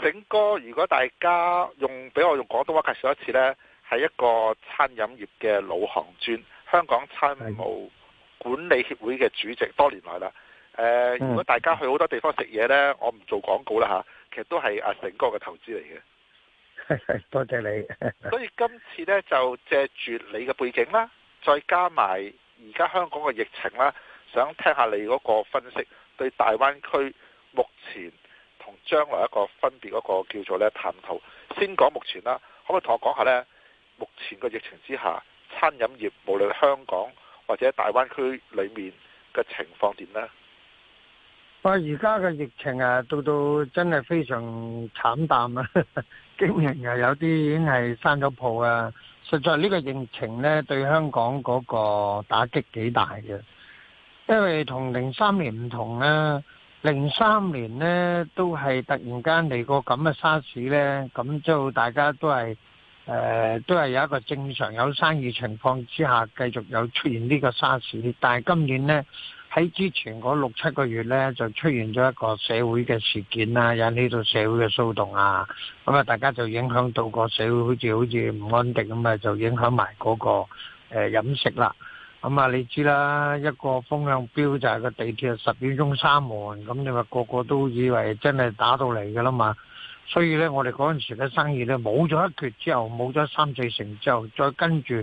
醒哥，如果大家用，俾我用廣東話介紹一次呢，係一個餐飲業嘅老行尊，香港餐務管理協會嘅主席，多年來啦。誒、呃，如果大家去好多地方食嘢呢，我唔做廣告啦吓，其實都係阿醒哥嘅投資嚟嘅。 多謝你 。所以今次呢，就借住你嘅背景啦，再加埋而家香港嘅疫情啦，想聽下你嗰個分析，對大灣區目前。同將來一個分別嗰個叫做咧探討，先講目前啦，可唔可以同我講下呢？目前個疫情之下，餐飲業無論香港或者大灣區裏面嘅情況點呢？我而家嘅疫情啊，到到真係非常慘淡啊！竟然又有啲已經係閂咗鋪啊！實在呢個疫情呢，對香港嗰個打擊幾大嘅，因為同零三年唔同啦。零三年呢都係突然間嚟，個咁嘅沙士呢，咁就大家都係誒、呃，都係有一個正常有生意情況之下，繼續有出現呢個沙士。但係今年呢，喺之前嗰六七個月呢，就出現咗一個社會嘅事件啊，引起到社會嘅騷動啊，咁啊，大家就影響到個社會好似好似唔安定咁啊，就影響埋嗰個誒飲食啦。咁、嗯、啊，你知啦，一個風向標就係個地鐵十點鐘閂門，咁你咪個個都以為真係打到嚟噶啦嘛。所以呢，我哋嗰陣時嘅生意呢，冇咗一缺之後，冇咗三四成之後，再跟住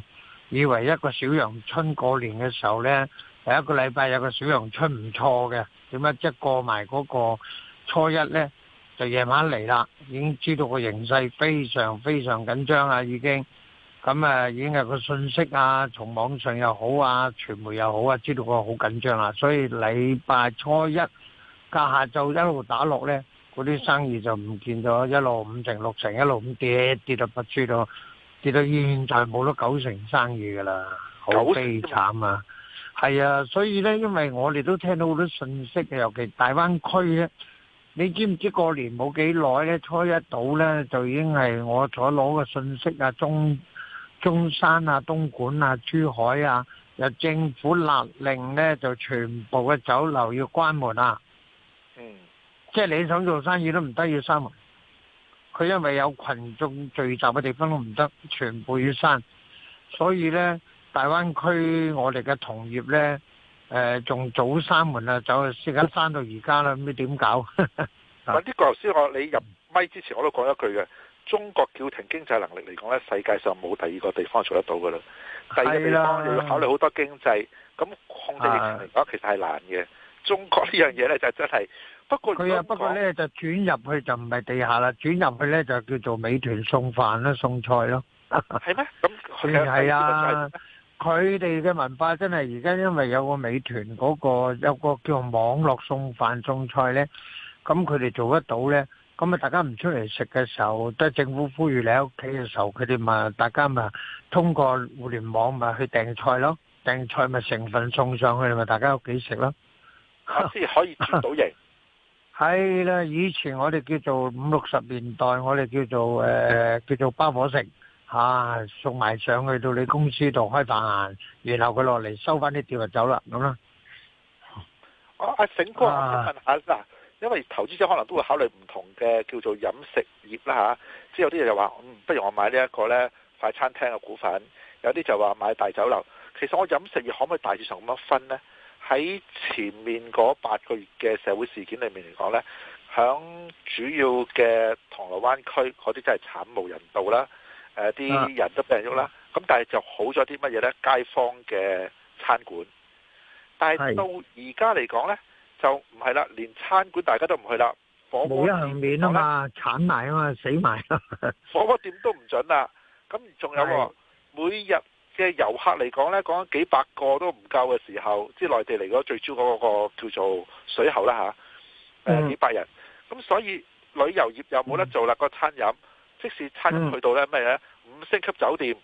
以為一個小陽春過年嘅時候呢，第一個禮拜有個小陽春唔錯嘅，點解？即係過埋嗰個初一呢，就夜晚嚟啦，已經知道個形勢非常非常緊張啦已經。咁誒已經係個信息啊，從網上又好啊，傳媒又好啊，知道個好緊張啦、啊。所以禮拜初一，隔下就一路打落呢，嗰啲生意就唔見咗，一路五成六成一路咁跌，跌到不知道，跌到現在冇咗九成生意噶啦，好悲慘啊！係啊，所以呢，因為我哋都聽到好多信息嘅，尤其大灣區呢，你知唔知過年冇幾耐呢，初一到呢，就已經係我所攞嘅信息啊，中中山啊、東莞啊、珠海啊，又政府勒令咧，就全部嘅酒樓要關門啦。嗯。即係你想做生意都唔得，要閂門。佢因為有群眾聚集嘅地方都唔得，全部要閂。所以咧，大灣區我哋嘅同業咧，誒、呃、仲早閂門啊，就時間閂到而家啦，唔知點搞。嗱、 這個，呢個頭先我你入咪之前我都講一句嘅。中國叫停經濟能力嚟講咧，世界上冇第二個地方做得到㗎啦。第二個地方你要考慮好多經濟，咁控制疫情嚟講其實係難嘅。中國呢樣嘢咧就真係，不過佢啊，不過咧就轉入去就唔係地下啦，轉入去咧就叫做美團送飯啦、送菜咯。係咩？咁佢係啊，佢哋嘅文化真係而家因為有個美團嗰個有個叫網絡送飯送菜咧，咁佢哋做得到咧。咁啊！大家唔出嚟食嘅時候，都係政府呼籲你喺屋企嘅時候，佢哋咪大家咪通過互聯網咪去訂菜咯，訂菜咪成份送上去，咪大家屋企食咯，先、啊、可以做到嘢。係 啦，以前我哋叫做五六十年代，我哋叫做誒、呃、叫做包伙食、啊，送埋上去到你公司度開飯，然後佢落嚟收翻啲碟就走啦咁啦。我阿、啊、醒哥，我 因為投資者可能都會考慮唔同嘅叫做飲食業啦嚇、啊，即係有啲嘢就話、嗯，不如我買呢一個呢快餐廳嘅股份，有啲就話買大酒樓。其實我飲食業可唔可以大致上咁樣分呢？喺前面嗰八個月嘅社會事件裏面嚟講呢，響主要嘅銅鑼灣區嗰啲真係慘無人道啦，誒、啊、啲人都病咗啦。咁、啊、但係就好咗啲乜嘢呢？街坊嘅餐館，但係到而家嚟講呢。就唔係啦，連餐館大家都唔去啦，火鍋店冇一面啊嘛，剷埋啊嘛，死埋啦！火鍋店都唔准啦。咁 仲有的每日嘅遊客嚟講呢，講緊幾百個都唔夠嘅時候，即係內地嚟講，最主要嗰個叫做水喉啦吓，誒、啊，幾百人咁，嗯、咁所以旅遊業又冇得做啦。嗯、個餐飲，即使餐飲去到呢，咩、嗯、咧，五星級酒店。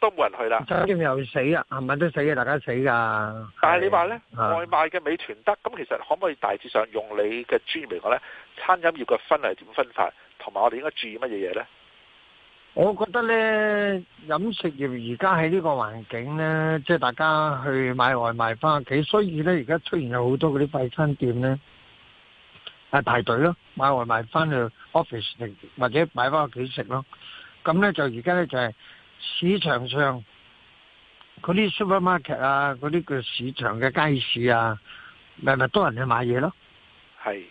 都冇人去啦，餐飲又死啊，係咪都死嘅？大家死噶。但係你話呢，外賣嘅美團得，咁其實可唔可以大致上用你嘅專業嚟講呢？餐飲業嘅分係點分法，同埋我哋應該注意乜嘢嘢呢？我覺得呢，飲食業而家喺呢個環境呢，即係大家去買外賣翻屋企，所以呢，而家出現有好多嗰啲快餐店呢，係排隊咯，買外賣翻去 office 食，或者買翻屋企食咯。咁呢，就而家呢，就係。市場上嗰啲 supermarket 啊，嗰啲叫市場嘅街市啊，咪咪多人去買嘢咯。係，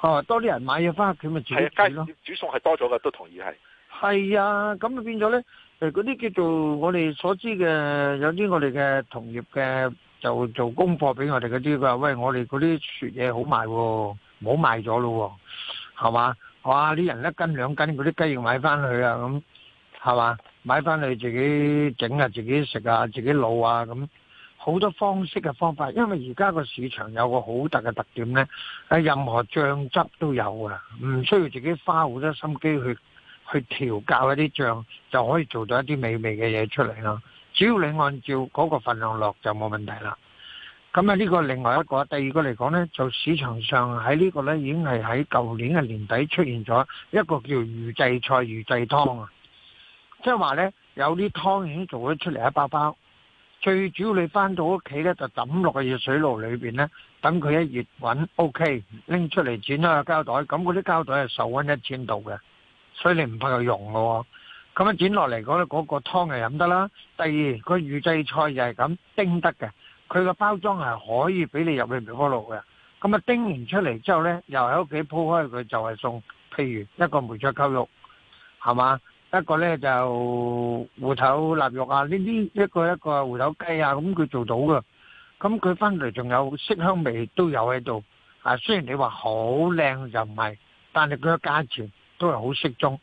哦多啲人買嘢翻屋企咪煮咯，煮餸係多咗噶，都同意係。係啊，咁啊變咗咧，誒嗰啲叫做我哋所知嘅，有啲我哋嘅同業嘅就做供貨俾我哋嗰啲話，喂我哋嗰啲雪嘢好賣，哦，唔好賣咗咯，哦，係嘛，哇啲人一斤兩斤嗰啲雞翼買翻去啊，咁係嘛。是買翻你自己整啊，自己食啊，自己滷啊咁，好多方式嘅方法。因為而家個市場有個好大嘅特點呢，喺任何醬汁都有啊，唔需要自己花好多心機去去調教一啲醬，就可以做到一啲美味嘅嘢出嚟啦、啊。只要你按照嗰個份量落就冇問題啦。咁啊，呢個另外一個，第二個嚟講呢，就市場上喺呢個呢已經係喺舊年嘅年底出現咗一個叫預製菜、預製湯啊。即係話呢，有啲湯已經做咗出嚟一包包，最主要你返到屋企呢，就抌落個熱水爐裏邊呢，等佢一熱滾，OK，拎出嚟剪開個膠袋，咁嗰啲膠袋係受溫一千度嘅，所以你唔怕佢溶喎。咁樣剪落嚟嗰咧嗰個湯係飲得啦。第二，個預製菜又係咁叮得嘅，佢個包裝係可以俾你入去微波爐嘅。咁啊叮完出嚟之後呢，又喺屋企鋪開佢就係、是、送，譬如一個梅菜扣肉，係嘛？一個咧就芋頭臘肉啊，呢啲，一個一個芋頭雞啊，咁佢做到噶。咁佢返嚟，仲有色香味都有喺度。啊，雖然你話好靚就唔係，但係佢嘅價錢都係好適中。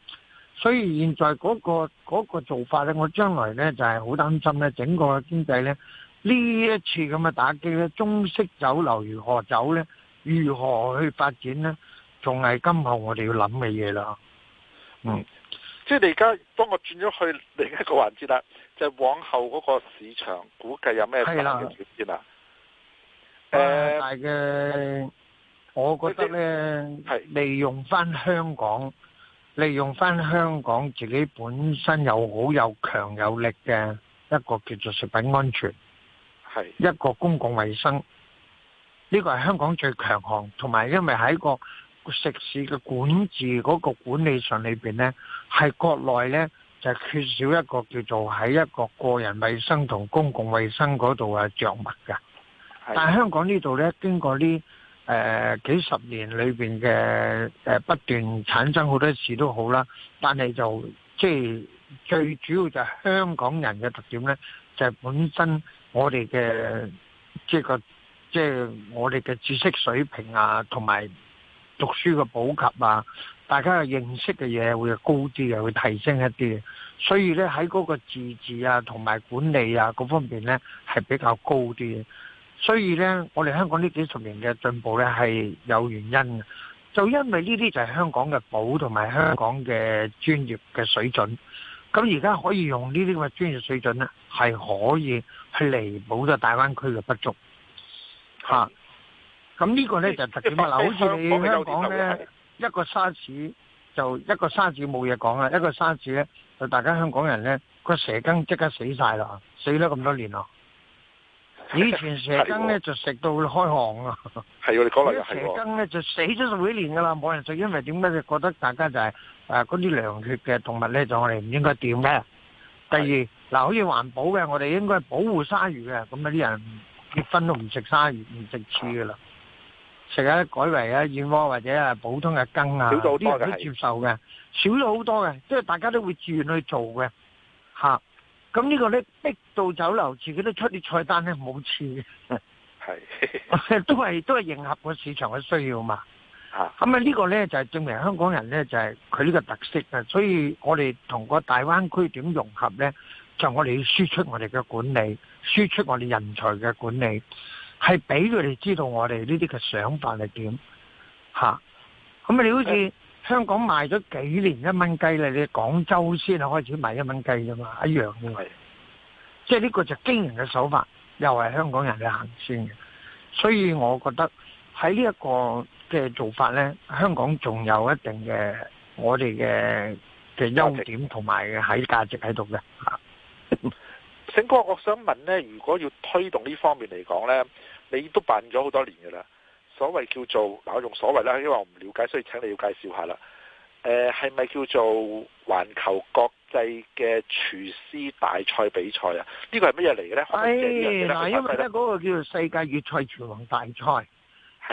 所以現在嗰、那個嗰、那個做法咧，我將來咧就係好擔心咧，整個經濟咧呢這一次咁嘅打擊咧，中式酒樓如何走咧，如何去發展咧，仲係今後我哋要諗嘅嘢啦。嗯。即係你而家幫我轉咗去另一個環節啦，就係、是、往後嗰個市場估計有咩大嘅轉變嘅，我覺得咧，利用翻香港，利用翻香港自己本身有好有強有力嘅一個叫做食品安全，係一個公共衛生，呢、這個係香港最強項，同埋因為喺一個。食肆嘅管治嗰個管理上裏呢，裏邊咧係國內咧就缺少一個叫做喺一個個人衛生同公共衛生嗰度啊着墨噶。但係香港這裏呢度咧，經過呢誒、呃、幾十年裏邊嘅誒不斷產生好多事都好啦，但係就即係、就是、最主要就係香港人嘅特點咧，就係、是、本身我哋嘅即係個即係我哋嘅知識水平啊，同埋。讀書嘅普及啊，大家嘅認識嘅嘢會高啲，又會提升一啲，所以咧喺嗰個自治啊同埋管理啊嗰方面咧係比較高啲嘅，所以咧我哋香港呢幾十年嘅進步咧係有原因嘅，就因為呢啲就係香港嘅保同埋香港嘅專業嘅水準，咁而家可以用呢啲咁嘅專業水準咧係可以去彌補咗大灣區嘅不足，嚇、嗯。咁、這個、呢個咧就是、特別啦，嗱，好似你香港咧一個沙士，就一個沙士冇嘢講啊，一個沙士咧就大家香港人咧個蛇羹即刻死曬啦，死咗咁多年啦。以前蛇羹咧 就食到開行啊，如果蛇羹咧就死咗十幾年噶啦，冇人食，因為點解？就覺得大家就係嗰啲涼血嘅動物咧，就我哋唔應該掂咧。第二嗱、啊，好似環保嘅，我哋應該保護鯊魚嘅，咁啊啲人結婚都唔食鯊魚，唔食刺噶啦。食啊，改為啊燕窩或者啊普通嘅羹啊，少咗好多嘅，接受嘅，少咗好多嘅，即係大家都會自願去做嘅，吓，咁呢個呢，逼到酒樓自己都出啲菜單呢，冇刺嘅，係，都係都係迎合個市場嘅需要嘛，啊，咁啊呢個呢，就係、是、證明香港人呢，就係佢呢個特色啊，所以我哋同個大灣區點融合呢，就是、我哋要輸出我哋嘅管理，輸出我哋人才嘅管理。係俾佢哋知道我哋呢啲嘅想法係點吓，咁啊你好似香港賣咗幾年一蚊雞咧，你廣州先係開始賣一蚊雞咋嘛，一樣嘅，即係呢個就經營嘅手法，又係香港人嘅行先嘅。所以我覺得喺呢一個嘅做法呢，香港仲有一定嘅我哋嘅嘅優點同埋喺價值喺度嘅醒哥，我想問咧，如果要推動呢方面嚟講咧，你都辦咗好多年嘅啦。所謂叫做，我用所謂啦，因為我唔了解，所以請你要介紹下啦。誒、呃，係咪叫做環球國際嘅廚師大賽比賽啊？這個、呢個係乜嘢嚟嘅咧？係、哎、嗱，因為咧嗰個叫做世界粵菜廚皇大賽。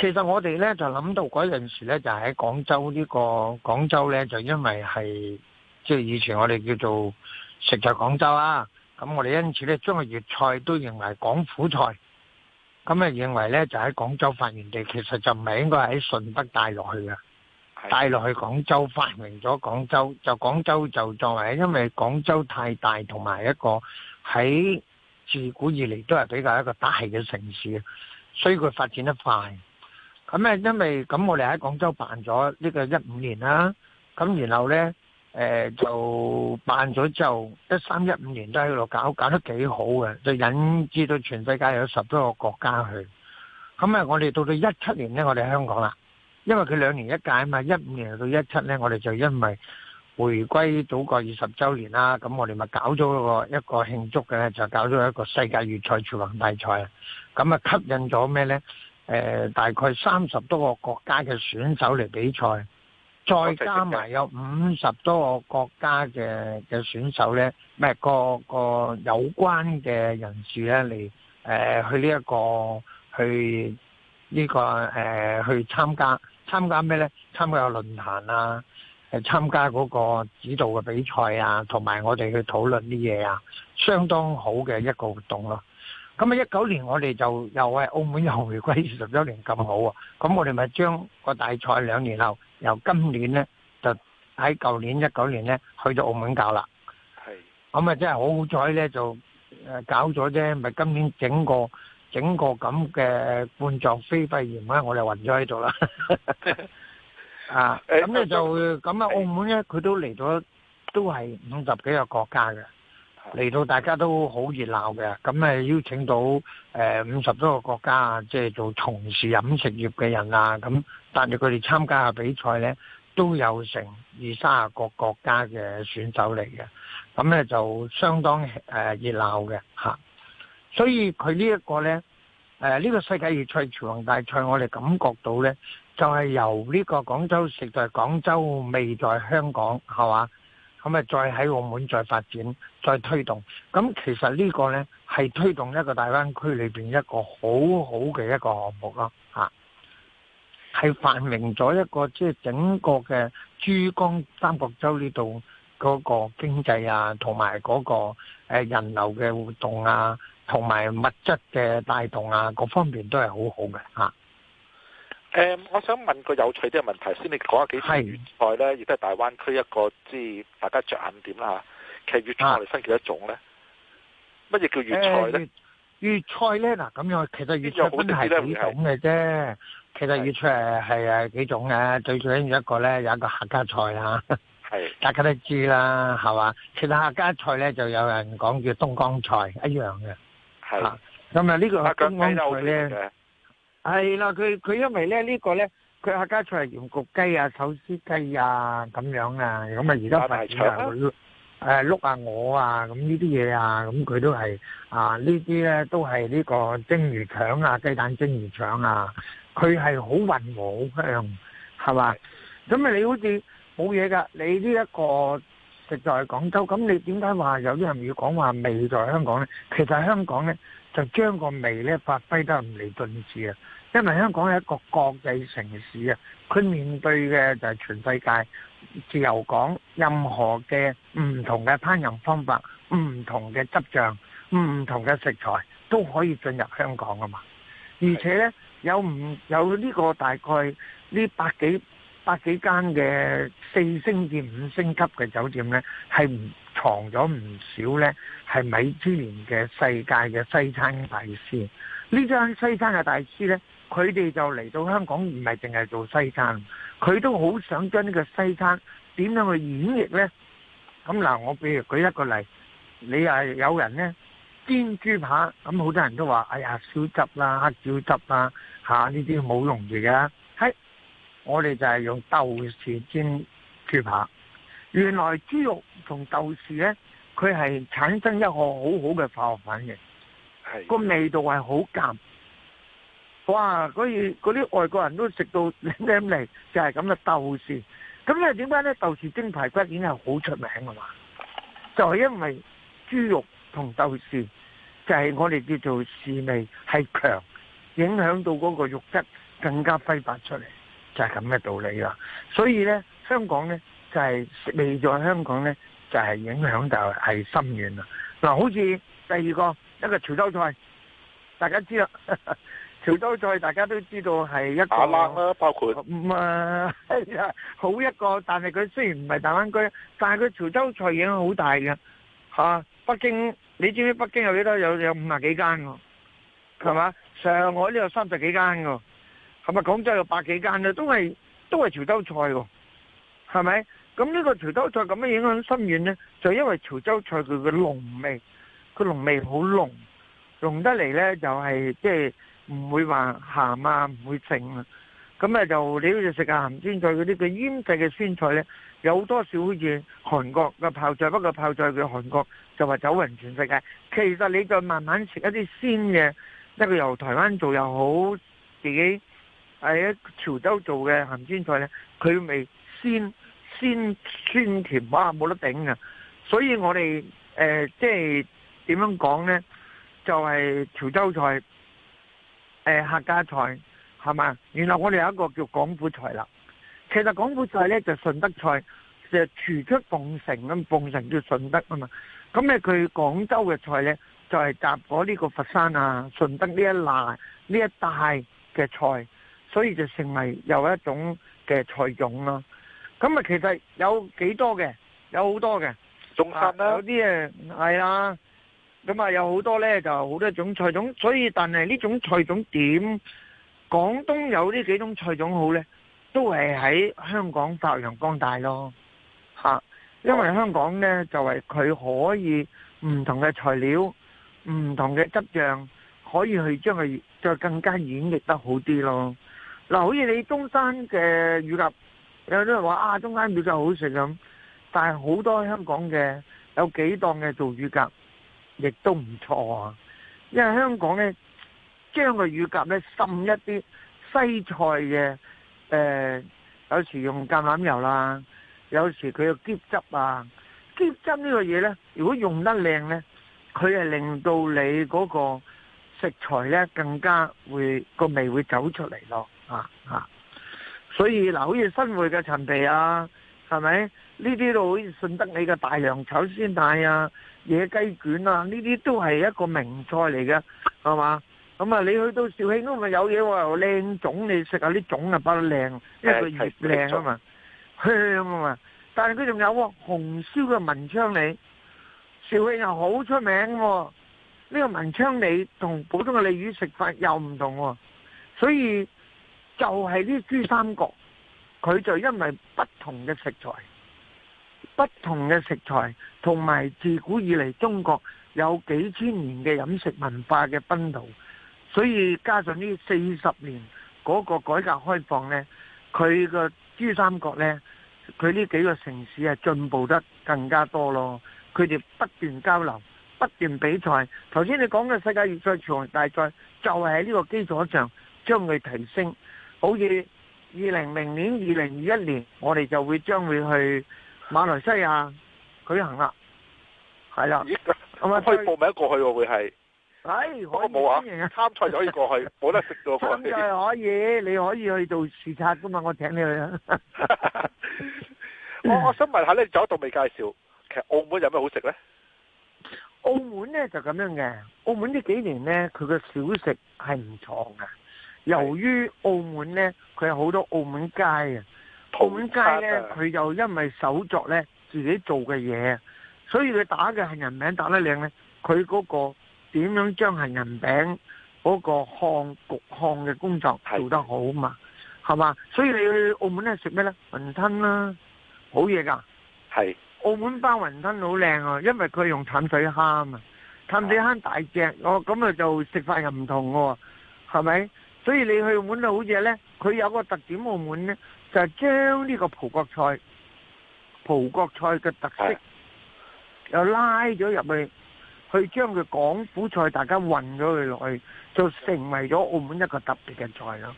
其實我哋咧就諗到嗰陣時咧就喺廣州呢、這個廣州咧就因為係即係以前我哋叫做食在廣州啊。咁我哋因此咧，將個粵菜都認為廣府菜，咁咧認為咧就喺廣州發源地，其實就唔係應該喺順德帶落去嘅，帶落去廣州發明咗廣州，就廣州就作為，因為廣州太大同埋一個喺自古以嚟都係比較一個大嘅城市，所以佢發展得快。咁咧，因為咁我哋喺廣州辦咗呢個一五年啦，咁然後咧。誒、呃，就辦咗之後，一三一五年都喺度搞，搞得幾好嘅，就引致到全世界有十多個國家去。咁啊，我哋到到一七年呢，我哋喺香港啦，因為佢兩年一屆啊嘛，一五年到一七呢，我哋就因為回歸祖國二十週年啦，咁我哋咪搞咗個一個慶祝嘅，就搞咗一個世界粵菜廚皇大賽啊。咁啊，吸引咗咩呢？誒、呃，大概三十多個國家嘅選手嚟比賽。再加埋有五十多個國家嘅嘅選手呢，咩個個有關嘅人士呢嚟誒去呢、這、一個去呢、這個誒去參加參加咩呢？參加有論壇啊，誒參加嗰個指導嘅比賽啊，同埋我哋去討論啲嘢啊，相當好嘅一個活動咯。咁啊！一九年我哋就又係澳門又回歸二十週年咁好啊！咁我哋咪將個大賽兩年後由今年咧，就喺舊年一九年咧去到澳門搞啦。係。咁啊，真係好彩咧，就誒搞咗啫，咪今年整個整個咁嘅冠狀非肺炎咧，我哋暈咗喺度啦。啊！咁咧就咁啊，澳門咧佢都嚟咗，都係五十幾個國家嘅，嚟到大家都好熱鬧嘅，咁誒邀請到誒五十多個國家啊，即係做從事飲食業嘅人啊，咁帶住佢哋參加下比賽咧，都有成二卅個國家嘅選手嚟嘅，咁咧就相當誒熱鬧嘅吓。所以佢呢一個咧，呢個世界粵菜廚王大賽，我哋感覺到咧，就係由呢個廣州食在廣州，味在香港，係嘛？咁咪再喺澳門再發展、再推動，咁其實呢個呢，係推動一個大灣區裏邊一個好好嘅一個項目咯，吓係繁榮咗一個即係、就是、整個嘅珠江三角洲呢度嗰個經濟啊，同埋嗰個誒人流嘅活動啊，同埋物質嘅帶動啊，各方面都係好好嘅，吓。誒、嗯，我想問個有趣啲嘅問題，先你講下幾種粵菜咧，亦都係大灣區一個即係大家着眼點啦。其實粵菜嚟分幾多種咧？乜嘢叫粵菜咧？粵菜咧嗱，咁樣其實粵菜真係幾種嘅啫。其實粵菜係係幾種嘅，啊啊，最最緊要一個咧有一個客家菜啦、啊、嚇。大家都知啦，係嘛？其實客家菜咧就有人講叫東江菜一樣嘅。係。咁啊，呢、嗯、個東江菜咧。啊係啦，佢佢因為咧呢個咧，佢客家菜係鹽焗雞啊、手撕雞啊咁樣啊，咁啊而家係誒，誒碌啊鵝啊，咁呢啲嘢啊，咁佢都係啊呢啲咧都係呢個蒸魚腸啊、雞蛋蒸魚腸啊，佢係好混和好香，係嘛？咁啊你好似冇嘢噶，你呢一個食在廣州，咁你點解話有啲人要講話味在香港咧？其實香港咧就將個味咧發揮得淋漓盡致啊！因為香港係一個國際城市啊，佢面對嘅就係全世界自由港，任何嘅唔同嘅烹飪方法、唔同嘅執像、唔同嘅食材都可以進入香港啊嘛。而且呢，有唔有呢個大概呢百幾百幾間嘅四星至五星級嘅酒店咧，係藏咗唔少呢係米芝蓮嘅世界嘅西餐大師。呢張西餐嘅大師呢。佢哋就嚟到香港，唔係淨係做西餐，佢都好想將呢個西餐點樣去演繹呢？咁嗱，我譬如舉一個例，你係有人呢煎豬扒，咁好多人都話：哎呀，燒汁啦、啊、黑椒汁啦、啊，嚇呢啲好容易嘅。係，我哋就係用豆豉煎豬扒。原來豬肉同豆豉呢，佢係產生一個好好嘅化學反應。係個味道係好夾。哇！以嗰啲外國人都食到點嚟， 就係咁嘅豆豉。咁咧點解咧？豆豉蒸排骨已經係好出名㗎嘛，就係、是、因為豬肉同豆豉就係我哋叫做豉味係強，影響到嗰個肉質更加揮發出嚟，就係咁嘅道理啦。所以咧，香港咧就係、是、未在香港咧就係、是、影響就係深遠啦。嗱，好似第二個一個潮州菜，大家知啦。 潮州菜大家都知道係一個啦、啊，包括唔啊， 好一個，但係佢雖然唔係大灣區，但係佢潮州菜影響好大嘅嚇、啊。北京你知唔知北京有幾多？有有五十幾間㗎，係嘛、嗯？上海呢有三十幾間㗎，係咪廣州有百幾間啊？都係都係潮州菜喎，係咪？咁呢個潮州菜咁樣影響深遠呢？就因為潮州菜佢嘅濃味，佢濃味好濃，濃得嚟呢就係即係。就係唔會話鹹啊，唔會剩啊，咁咧就你好似食下鹹酸菜嗰啲佢腌製嘅酸菜呢，有多少好似韓國嘅泡菜，不過泡菜佢韓國就話走人全世界，其實你再慢慢食一啲鮮嘅，一個由台灣做又好，自己喺一潮州做嘅鹹酸菜呢，佢味鮮鮮鮮，鮮甜啊，冇得頂啊！所以我哋誒即係點樣講呢？就係、是、潮州菜。誒，客家菜系嘛？然後我哋有一個叫廣府菜啦。其實廣府菜呢，就是、順德菜，就除出鳳城咁，鳳城叫順德啊嘛。咁咧佢廣州嘅菜呢，就係夾咗呢個佛山啊、順德呢一欄呢一帶嘅菜，所以就成為又一種嘅菜種咯。咁啊，其實有幾多嘅，有好多嘅，仲、啊、有啲嘢係啦。咁、嗯、啊，有好多呢，就好多種菜種，所以但係呢種菜種點廣東有呢幾種菜種好呢，都係喺香港發揚光大咯、啊、因為香港呢，就係佢可以唔同嘅材料、唔同嘅質量，可以去將佢再更加演繹得好啲咯。嗱、啊，好似你中山嘅乳鴿，有啲人話啊，中山乳鴿好食咁，但係好多香港嘅有幾檔嘅做乳鴿。亦都唔錯啊！因為香港呢，將個乳鴿呢滲一啲西菜嘅誒、呃，有時用橄欖油啦，有時佢又芡汁啊！芡汁呢個嘢呢，如果用得靚呢，佢係令到你嗰個食材呢更加會個味會走出嚟咯、啊啊，所以嗱，好似新會嘅陳皮啊，係咪？呢啲都好似順德你嘅大良炒鮮奶啊！野雞卷啊，呢啲都係一個名菜嚟嘅，係嘛？咁啊，你去到肇慶都咪有嘢喎，靚種你食下啲種啊，白得靚，因為佢越靚啊嘛，香啊嘛。但係佢仲有喎，紅燒嘅文昌鯉，肇慶又好出名喎、哦。呢、呢個文昌鯉同普通嘅鯉魚食法又唔同喎、哦，所以就係呢啲珠三角，佢就因為不同嘅食材。不同嘅食材，同埋自古以嚟中國有幾千年嘅飲食文化嘅奔道，所以加上呢四十年嗰個改革開放咧，佢個珠三角咧，佢呢幾個城市係進步得更加多咯。佢哋不斷交流，不斷比賽。頭先你講嘅世界粵菜廚皇大賽，就係喺呢個基礎上將佢提升。好似二零零年、二零二一年，我哋就會將會去。馬來西亞舉行啦，係啦，咁可以報名過去喎會係，係、哎、可冇啊。名嘅，參賽就可以過去，冇 得食嘅。參賽可，可以，你可以去做視察噶嘛， 我請你去、啊。 我我想問下咧，走一度未介紹？其實澳門有咩好食咧？澳門咧就咁樣嘅，澳門呢澳門幾年咧，佢嘅小食係唔錯嘅。由於澳門咧，佢有好多澳門街啊。澳門街呢，佢就因為手作呢，自己做嘅嘢，所以佢打嘅杏仁餅打得靚呢。佢嗰個點樣將杏仁餅嗰個烘焗烘嘅工作做得好嘛？係嘛？所以你去澳門呢，食咩呢？雲吞啦，啊，好嘢噶。係澳門包雲吞好靚啊，因為佢用淡水蝦啊嘛，淡水蝦大隻，我咁啊就食法又唔同喎，哦，係咪？所以你去澳門好似呢，佢有個特點，澳門呢。就係將呢個葡國菜、葡國菜嘅特色又拉咗入去，去將佢廣府菜大家混咗佢落去，就成為咗澳門一個特別嘅菜咯。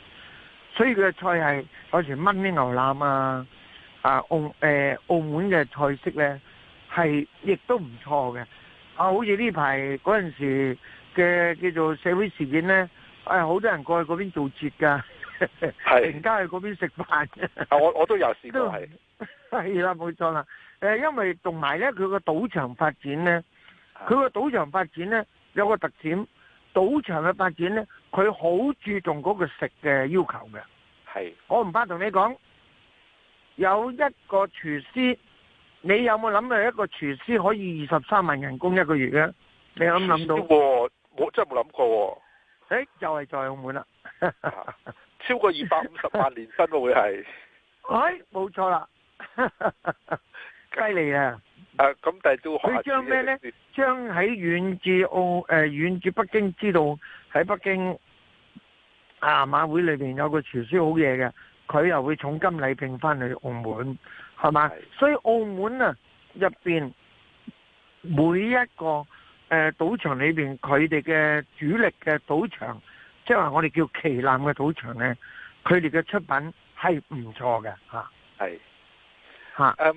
所以佢嘅菜係有時炆啲牛腩啊，啊澳誒、呃、澳門嘅菜式咧係亦都唔錯嘅。啊，好似呢排嗰陣時嘅叫做社會事件咧，誒、哎、好多人過去嗰邊做節噶。係， 而家去嗰邊食飯。我我都有試過係，係 啦，冇錯啦。誒，因為同埋咧，佢個賭場發展咧，佢個賭場發展咧有個特點，賭場嘅發展咧，佢好注重嗰個食嘅要求嘅。係，我唔怕同你講，有一個廚師，你有冇諗過一個廚師可以二十三萬人工一個月嘅？你有冇諗到？我真係冇諗過、哦。誒， 就係在澳門啦。 超過二百五十萬年薪會係， 哎，冇錯啦，犀利啊！啊，咁但係都將什麼呢，佢將咩咧？將喺遠至澳，誒、呃、遠至北京知道喺北京啊馬會裏邊有個廚師好嘢嘅，佢又會重金禮聘翻去澳門，係嘛？是所以澳門啊入邊每一個誒、呃、賭場裏邊，佢哋嘅主力嘅賭場。即係話我哋叫旗艦嘅賭場咧，佢哋嘅出品係唔錯嘅嚇。係嚇誒，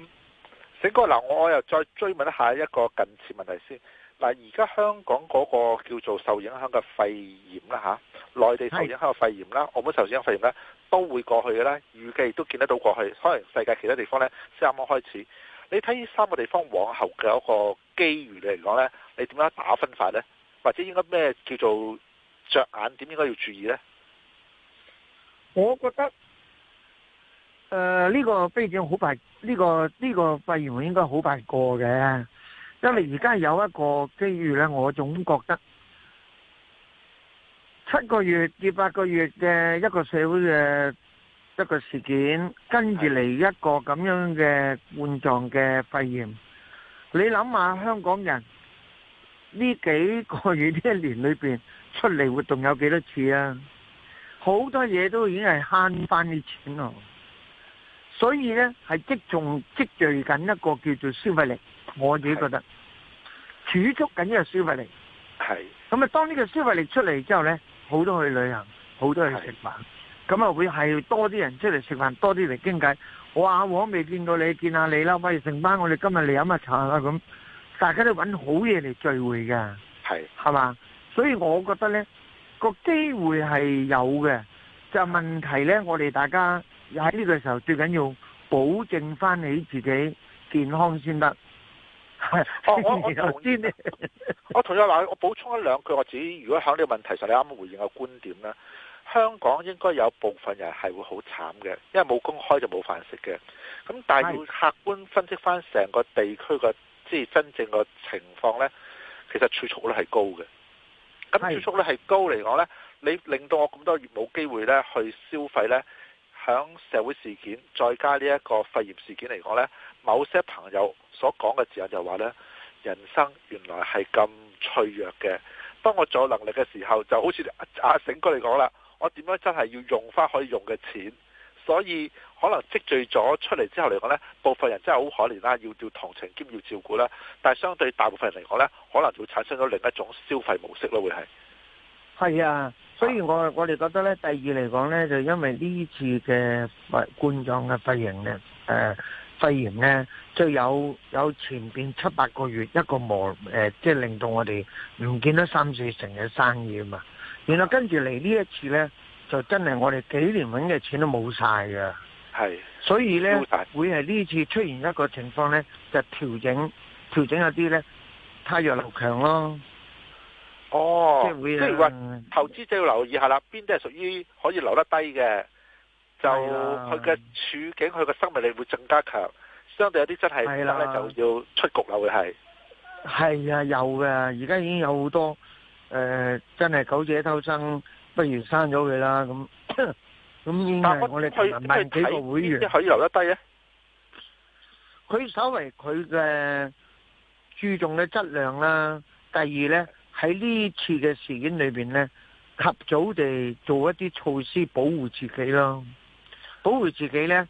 醒哥，嗱，我又再追問一下一個近似問題先。嗱，而家香港嗰個叫做受影響嘅肺炎啦嚇、啊，內地受影響嘅肺炎啦，澳門受影響的肺炎咧，都會過去嘅咧，預計都見得到過去。可能世界其他地方咧，先啱啱開始。你睇呢三個地方往後嘅一個機遇嚟講咧，你點樣打分法咧，或者應該咩叫做？着眼點應該要注意呢？我覺得誒呢、呃這個飛漲好快，呢、這個呢、這個肺炎應該好快過嘅，因為而家有一個機遇呢，我總覺得七個月至八個月嘅一個社會嘅一個事件，跟住嚟一個咁樣嘅冠狀嘅肺炎，你諗下香港人呢幾個月呢一年裏邊？出嚟活動有幾多次啊？好多嘢都已經係慳翻啲錢咯，所以咧係積重積聚緊一個叫做消費力。我自己覺得儲足緊一個消費力。係。咁啊，當呢個消費力出嚟之後咧，好多去旅行，好多去食飯，咁啊會係多啲人出嚟食飯，多啲嚟傾偈。我阿黃未見過你，見下你啦。喂，成班我哋今日嚟飲下茶啦咁，大家都搵好嘢嚟聚會噶。係。係嘛？所以我覺得呢、呢個機會係有嘅，就、問題呢，我哋大家喺呢個時候最緊要保證翻你自己健康先得、 哦。我我我同先，我同你話， 我補充一兩句我自己。如果響呢個問題上，你啱啱回應嘅觀點咧，香港應該有部分人係會好慘嘅，因為冇工開就冇飯食嘅。咁但係要客觀分析翻成個地區嘅即係真正嘅情況呢，其實儲蓄率係高嘅。咁接觸率係高嚟講呢，你令到我咁多月冇機會呢去消費呢，響社會事件再加呢一個肺炎事件嚟講呢，某些朋友所講嘅字眼就話呢，人生原來係咁脆弱嘅。當我仲有能力嘅時候，就好似阿醒哥嚟講啦，我點樣真係要用翻可以用嘅錢？所以可能積聚咗出嚟之後嚟講呢，部分人真係好可憐啦、啊，要要同情兼要照顧啦、啊。但係相對大部分人嚟講呢，可能就會產生咗另一種消費模式咯、啊，會係。係啊，所以我我哋覺得呢，第二嚟講呢，就因為呢次嘅肺冠狀嘅肺、呃、肺炎呢，誒肺炎呢就有有前邊七八個月一個磨誒，即、呃、係、就是、令到我哋唔見到三四成嘅生意啊嘛。然後跟來跟住嚟呢一次呢。就真係我哋幾年搵嘅錢都冇晒嘅，係，所以咧會係呢次出現一個情況咧，就調整調整一啲咧，汰弱留強咯。哦，即係會、啊，即係話投資就要留意一下啦，邊啲係屬於可以留得低嘅，、啊，就佢嘅處境，佢嘅生命力會更加強，相對有啲真係咧、啊、就要出局啦，會係。係啊，有噶而家已經有好多誒、呃，真係苟且偷生。不如刪咗佢啦，咁咁誒， 咁應該我哋尋日問幾個會員可以留得低呀。佢稍為佢嘅注重嘅質量啦。第二呢，喺呢次嘅事件裏邊呢，及早地做一啲措施保護自己咯。保護自己呢，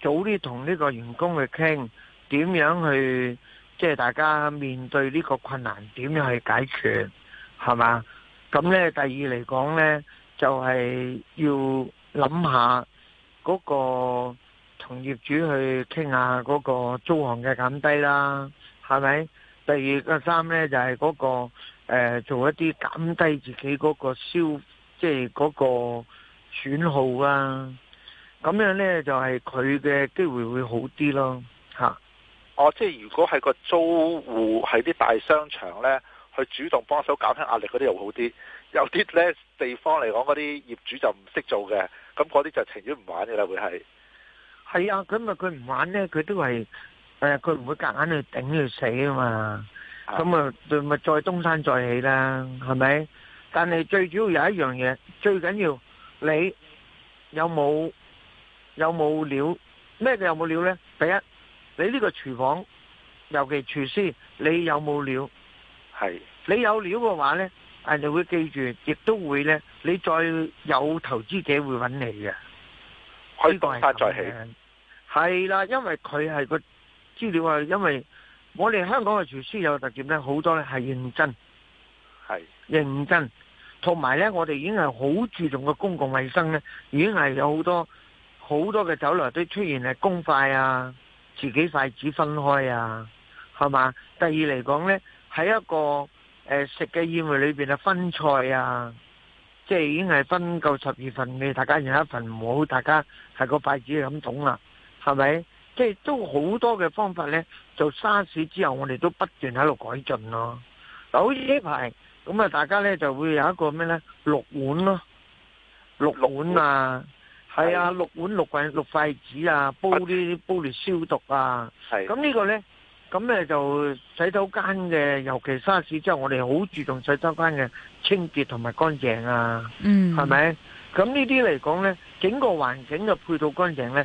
早啲同呢個員工去傾點樣去，即係大家面對呢個困難點樣去解決，係嘛？咁呢，第二嚟講呢，就係、是、要諗下嗰個同業主去傾下嗰個租行嘅減低啦，係咪？第二、第三呢、嗰個，就係嗰個誒，做一啲減低自己嗰個消，即係嗰個損耗啊。咁樣呢，就係佢嘅機會會好啲咯，吓。哦，即係如果係個租戶喺啲大商場呢。佢主動幫手減輕壓力嗰啲又會好啲，有啲咧地方嚟講，嗰啲業主就唔識做嘅，咁嗰啲就情願唔玩嘅啦，會係係啊，咁咪佢唔玩咧，佢都係誒，佢唔會夾硬去頂去死啊嘛，咁啊，咪再東山再起啦，係咪？但係最主要有一樣嘢，最緊要你有冇有冇料？咩叫有冇料咧？第一，你呢個廚房，尤其廚師，你有冇料？係你有料嘅話呢，人哋會記住，亦都會呢。你再有投資者會揾你嘅，可以東山再起係啦，因為佢係個資料啊。因為我哋香港嘅廚師有特點呢，好多呢係認真係認真，同埋呢，我哋已經係好注重個公共衛生呢，已經係有好多好多嘅酒樓都出現係公筷啊，自己筷子分開啊，係嘛。第二嚟講呢。喺一個誒、呃、食嘅宴會裏邊啊，分菜啊，即係已經係分夠十二份嘅，大家有一份唔好，大家係個筷子咁捅啦，係咪？即係都好多嘅方法呢，就沙士之後，我哋都不斷喺度改進咯。嗱，好似呢排咁啊，大家呢就會有一個咩呢？六碗咯，六六碗啊，係啊，六、啊、碗六筷六筷子啊，煲呢啲煲嚟消毒啊，咁呢、啊、個呢。咁咧就洗手間嘅，尤其沙士之後，就是、我哋好注重洗手間嘅清潔同埋乾淨啊，係、嗯、咪？咁呢啲嚟講呢，整個環境嘅配套乾淨呢。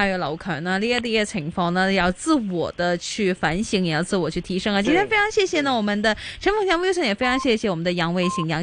還有劉強呢，呢一啲嘅情況呢，要自我的去反省，也要自我去提升啊！今天非常謝謝呢， 我們的陳鳳強，先生， 也非常謝謝我們的楊位醒楊。